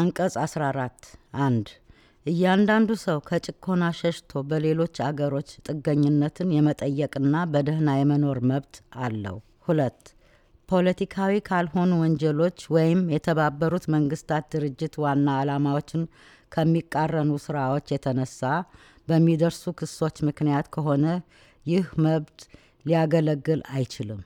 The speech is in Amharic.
አንቀጽ 14 አንድ እያንዳንዱ ሰው ከጭኮና ሸሽቶ በሌሎች አገሮች ጥገኝነትን የመጠየቅና በደህና የመኖር መብት አለው። ሁለት ፖለቲካዊ ካልሆኑ ወንጀሎች ወይም የተባበሩት መንግስታት ድርጅት ዋና ዓላማዎችን ከሚቃረኑ ስራዎች የተነሳ በሚደርሱ ክሶች ምክንያት ከሆነ ይህ መብት ሊያገለግል አይችልም።